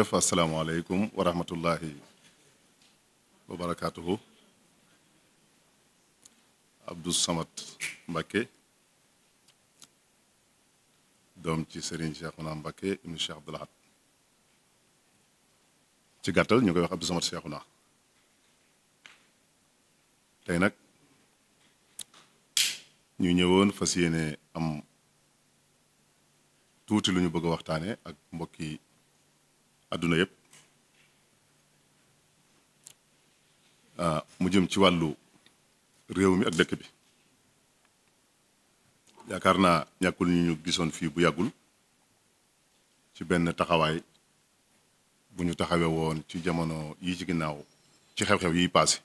jërëjëf asalaamaaleykum wa rahmatullahi wa barakaatuhu Abdou Samad doom ci Serigne Cheikhouna Mbacké ibnu Cheikh Abdoul Ahad ci gàttal ñu koy wax Abdou Samad Cheikhouna tey nag ñu ñëwoon fas yéene am tuuti lu ñu bëgg a waxtaane ak mbokki àdduna yëpp ah, mu jëm ci wàllu réew mi ak dëkk bi yaakaar naa ñàkkul ñu gisoon fii bu yàggul ci benn taxawaay buñu ñu taxawee woon ci jamono yi ci ginnaaw ci xew-xew yi paase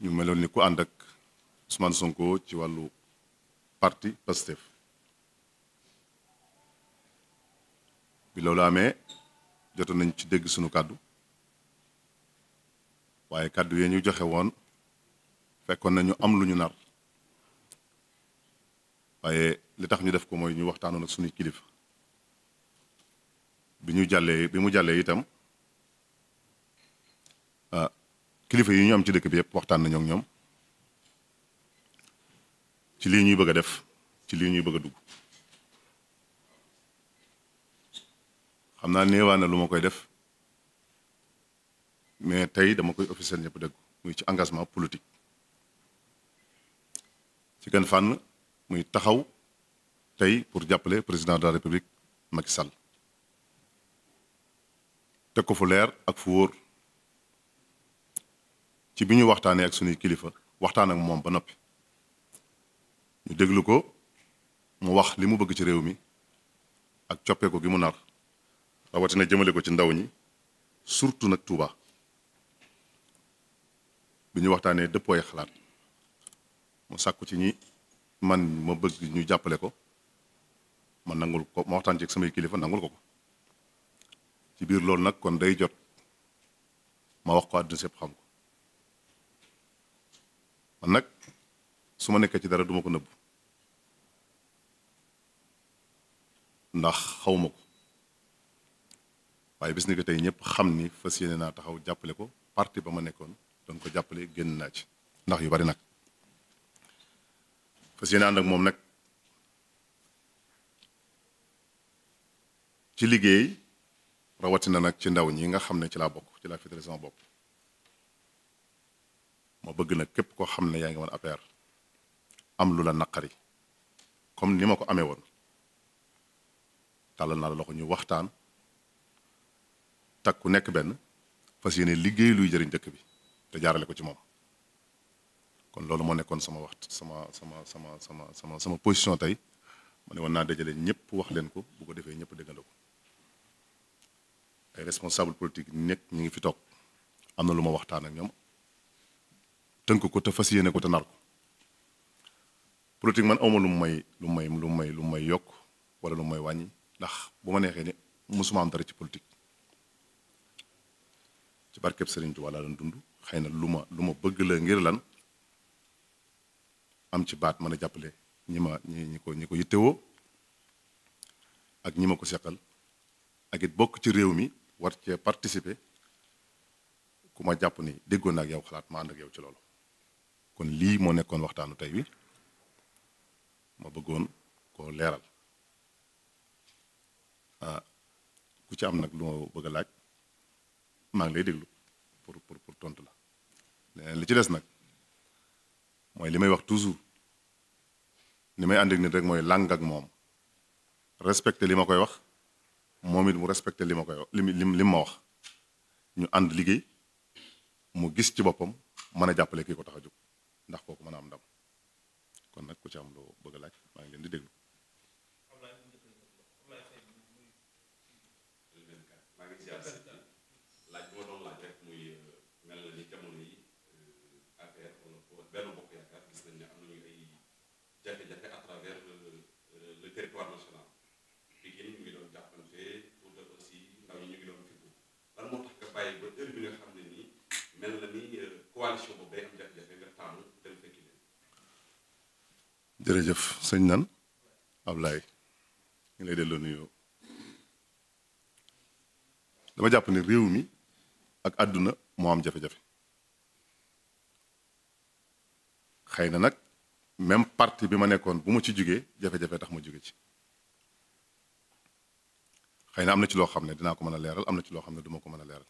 ñu meloon ni ku ànd ak Ousmane Sonko ci wàllu parti Pastef bi loolu amee jotoon nañ ci dégg sunu kàddu waaye kàddu yee ñu joxe woon fekkoon nañu am lu ñu nar waaye li tax ñu def ko mooy ñu waxtaanoon ak suñuy kilifa bi ñu jàllee bi mu jàllee itam ah kilifa yi ñu am ci dëkk bi yëpp waxtaan nañu ak ñoom ci lii ñuy bëgg a def ci lii ñuy bëgg dugg xam naa néewaa lu ma koy def mais tey dama koy officiel ñëpp dégg muy ci engagement politique ci kenn fànn muy taxaw tey pour jàppale président de la république Macky sal teg ko fu leer ak fu wóor ci bi ñu waxtaanee ak sunuy kilifa waxtaan ak moom ba noppi ñu déglu ko mu wax li mu bëgg ci réew mi ak coppeeku gi mu nar rawatina jëmale ko ci ndaw ñi surtout nag Touba bi ñu waxtaanee dëppooy xalaat mu sàkku ci ñi man ma bëgg ñu jàppale ko ma nangul ko ma waxtaan ci samay kilifa nangul ko ko ci biir loolu nag kon day jot ma wax ko àdduna sépp xam ko man nag su ma nekkee ci dara duma ko nëbb ndax xawuma ko waaye bis ni ko tey ñëpp xam ni fas yéene naa taxaw jàppale ko parti ba ma nekkoon doon ko jàppale génn naa ci ndax yu bari nag fas yéene ànd ak moom nag ci liggéey rawatina nag ci ndaw ñi nga xam ne ci laa bokk ci laa féetale sama bopp ma bëgg nag képp koo xam ne yaa ngi woon APR am lu la naqari comme ni ma ko amee woon tàll naa la loxo ñu waxtaan ku nekk benn fas yéene liggéey luy jëriñ dëkk bi te jaarale ko ci moom kon loolu moo nekkoon sama wax sama sama sama sama sama sama position tey ma ne wan naa dajale ñëpp wax leen ko bu ko defee ñëpp déggandoo ko ay responsable ñu ngi fi toog am na lu ma waxtaan ak ñoom tënk ko te fas yéene ko te nar ko politique man awma lu may lu may lu may lu may yokk wala lu may wàññi ndax bu ma neexee ne musuma am dara ci politique ci barkeb Serigne Touba laa doon dund xëy na lu ma lu ma bëgg la ngir lan am ci baat mën a jàppale ñi ma ñi ñi ko ñi ko yittewoo ak ñi ma ko seqal ak it bokk ci réew mi war cee participer ku ma jàpp ni déggoon na ak yow xalaat ma ànd ak yow ci loolu kon lii moo nekkoon waxtaanu tey wi ma bëggoon ko leeral ah ku ci am nag lu ma bëgg a laaj maa ngi lay déglu pour pour pour tontu la leneen li ci des nag mooy li may wax toujours li may ànd ak nit rek mooy làng ak moom respecté li ma koy wax moom it mu respecté li ma koy wax li li ma wax ñu ànd liggéey mu gis ci boppam mën a jàppale kii ko tax a jóg ndax kooku mën a am ndam kon nag ku ci am loo bëgg a laaj maa ngi leen di déglu. le territoire national Pikine ñu ngi doon ñu ngi doon fippu lan euh, dama jàpp réew mi ak àdduna moo am jafe-jafe xëy na nag. même parti bi ma nekkoon bu ma ci jógee jafe-jafe tax ma jóge ci xëy na am na ci loo xam ne dinaa ko mën a leeral am na ci loo xam ne duma ko mën a leeral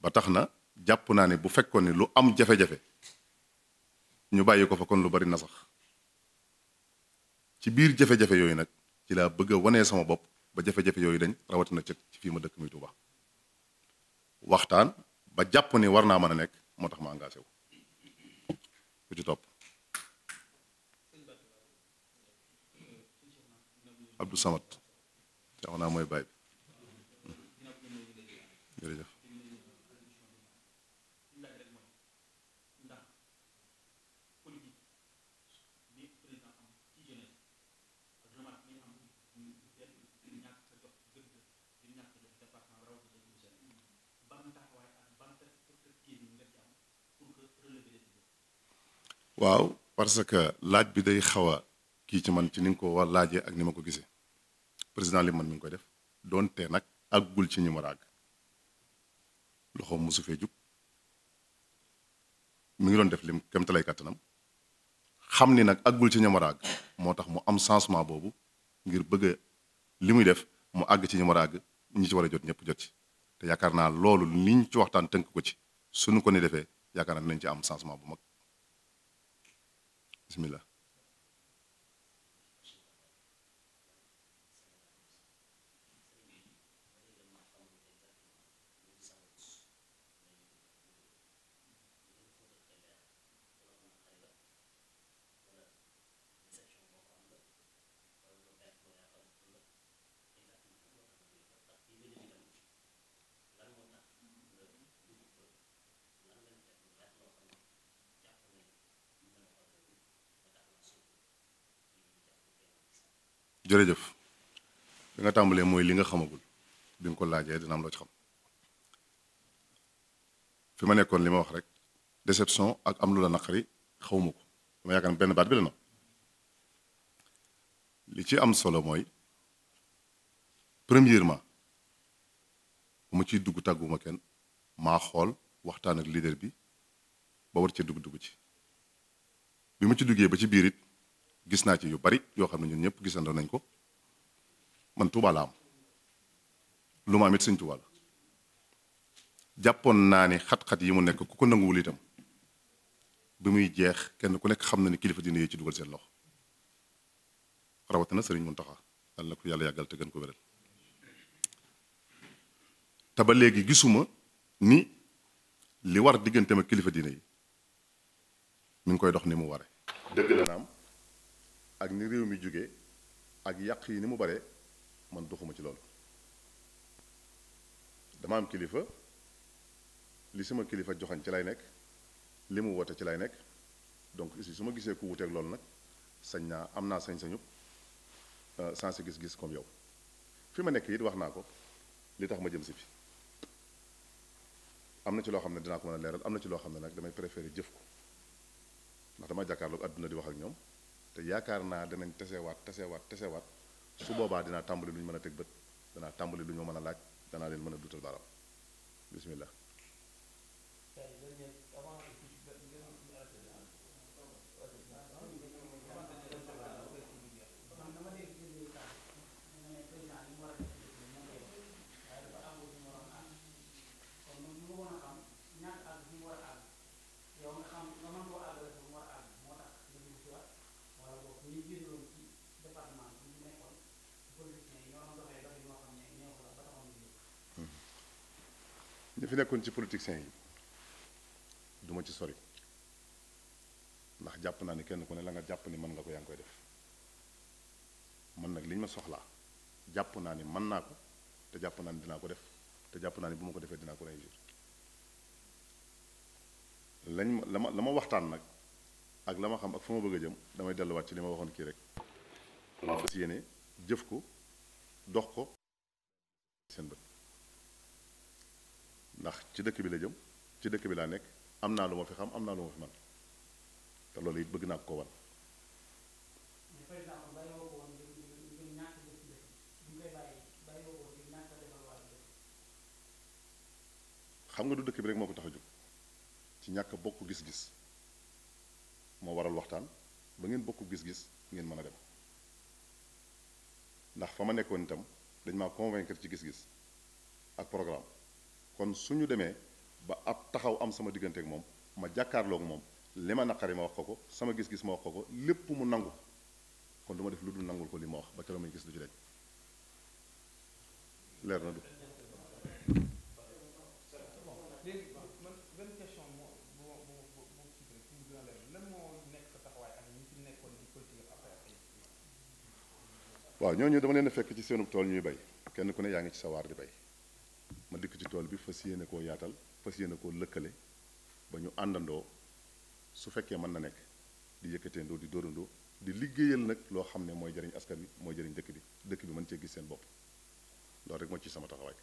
ba tax na jàpp naa ni bu fekkoon ni lu am jafe-jafe ñu bàyyi ko fa kon lu bari na sax ci biir jafe-jafe yooyu nag ci laa bëgg a wanee sama bopp ba jafe-jafe yooyu dañ rawatina cëg ci fii ma dëkk muy Tuuba waxtaan ba jàpp ni war naa mën a nekk moo tax ma engagé wu ku ci topp Abdou Samad seex naa mooy baay waaw parce que laaj bi day xaw kii ci man ci ni nga ko war laajee ak ni ma ko gisee président li man mi ngi koy def donte nag ak àggul ci ñi ma àgg loxo mosu fee jug mi ngi doon def lim kem talay kàttanam xam ni nag àggul ci ñi ma àgg moo tax mu am changement boobu ngir bëgg li muy def mu àgg ci ñi ma àgg ñi ci war a jot ñëpp jot ci te yaakaar naa loolu liñ ci waxtaan tënk ko ci su nu ko ni defee yaakaar naa nañ ci am changement bu mag. bismillah jërëjëf li nga tàmbalee mooy li nga xamagul bi nga ko laajee dina am loo ci xam fi ma nekkoon li ma wax rek déception ak am lu la naqari xawma ko dama yaakaar benn baat bi la na li ci am solo mooy premièrement bu ma ciy dugg tàgguma kenn maa xool waxtaan ak leader bi ba war ci dugg dugg ci bi ma ci duggee ba ci biir it gis naa ci yu bari yoo xam ne ñun ñëpp gisandoo nañ ko man Touba lu ma am it sëñ Touba jàppoon naa ni xat-xat yi mu nekk ku ko nanguwul itam bi muy jeex kenn ku nekk xam na ni kilifa dina yee ci dugal seen loxo rawatina sëriñ Mountakha yàlla na ko yàlla yàggal te gën ko wéral te ba léegi gisuma ni li war diggante ma kilifa diine yi mi ngi koy dox ni mu ware ak ni réew mi jóge ak yàq yi ni mu bare man doxuma ci loolu dama am kilifa li sama kilifa joxañ ci lay nekk li mu woote ci lay nekk donc aussi su ma gisee ku wuteeg loolu nag sañ naa am naa sañ-sañu euh, sensé gis-gis comme yow fi ma nekk it wax naa ko li tax ma jëm si fi am na ci loo xam ne dinaa ko mën a leeral am na ci loo xam ne nag damay préféré jëf ko ndax dama jàkkaarloog àdduna di wax ak ñoom te yaakaar naa danañ tesewaat tesewaat tesewaat su boobaa dinaa tàmbali lu ñu mën a teg bët danaa tàmbali lu ñu mën a laaj danaa leen mën a dutal baram bismillah fi nekkoon ci politiciens yi du ci sori ndax jàpp naa ni kenn ku ne la nga jàpp ni mën nga ko yaa koy def man nag li ma soxlaa jàpp naa ni mën naa jàpp naa ni dinaa ko def te jàpp naa ni bu ma ko defee dinaa ko réussir lañ ma la ma la ma waxtaan nag ak la ma xam ak fa ma bëgg a jëm damay delluwaat ci li ma waxoon kii rek ma fas yéene jëf ko dox ko seen bët ndax ci dëkk bi la jëm ci dëkk bi laa nekk am naa lu ma fi xam am naa lu ma fi man te loolu it bëgg naa ko wan xam nga du dëkk bi rek moo ko tax a jóg ci ñàkk bokk gis-gis moo waral waxtaan ba ngeen bokk gis-gis ngeen mën a dem ndax fa ma nekkoon itam dañ maa convaincre ci gis-gis ak programme kon su ñu demee ba ab taxaw am sama diggante ak moom ma jàkkaarlook moom li ma naqari ma wax ko sama gis-gis ma wax ko lépp mu nangu kon du ma def lu dul nangul ko li ma wax ba keroog muy gis du ci dañ leer na du waaw dama leen fekk ci seenu tool ñuy bay kenn ku ne yaa ngi ci sawaar waar di bay ma dikk ci tool bi fas yéene koo yaatal fas yéene koo lëkkale ba ñu àndandoo su fekkee mën na nekk di yëkkateendoo di dóorandoo di liggéeyal nag loo xam ne mooy jëriñ askan bi mooy jëriñ dëkk bi dëkk bi mën cee gis seen bopp loolu rek moo ci sama taxawaay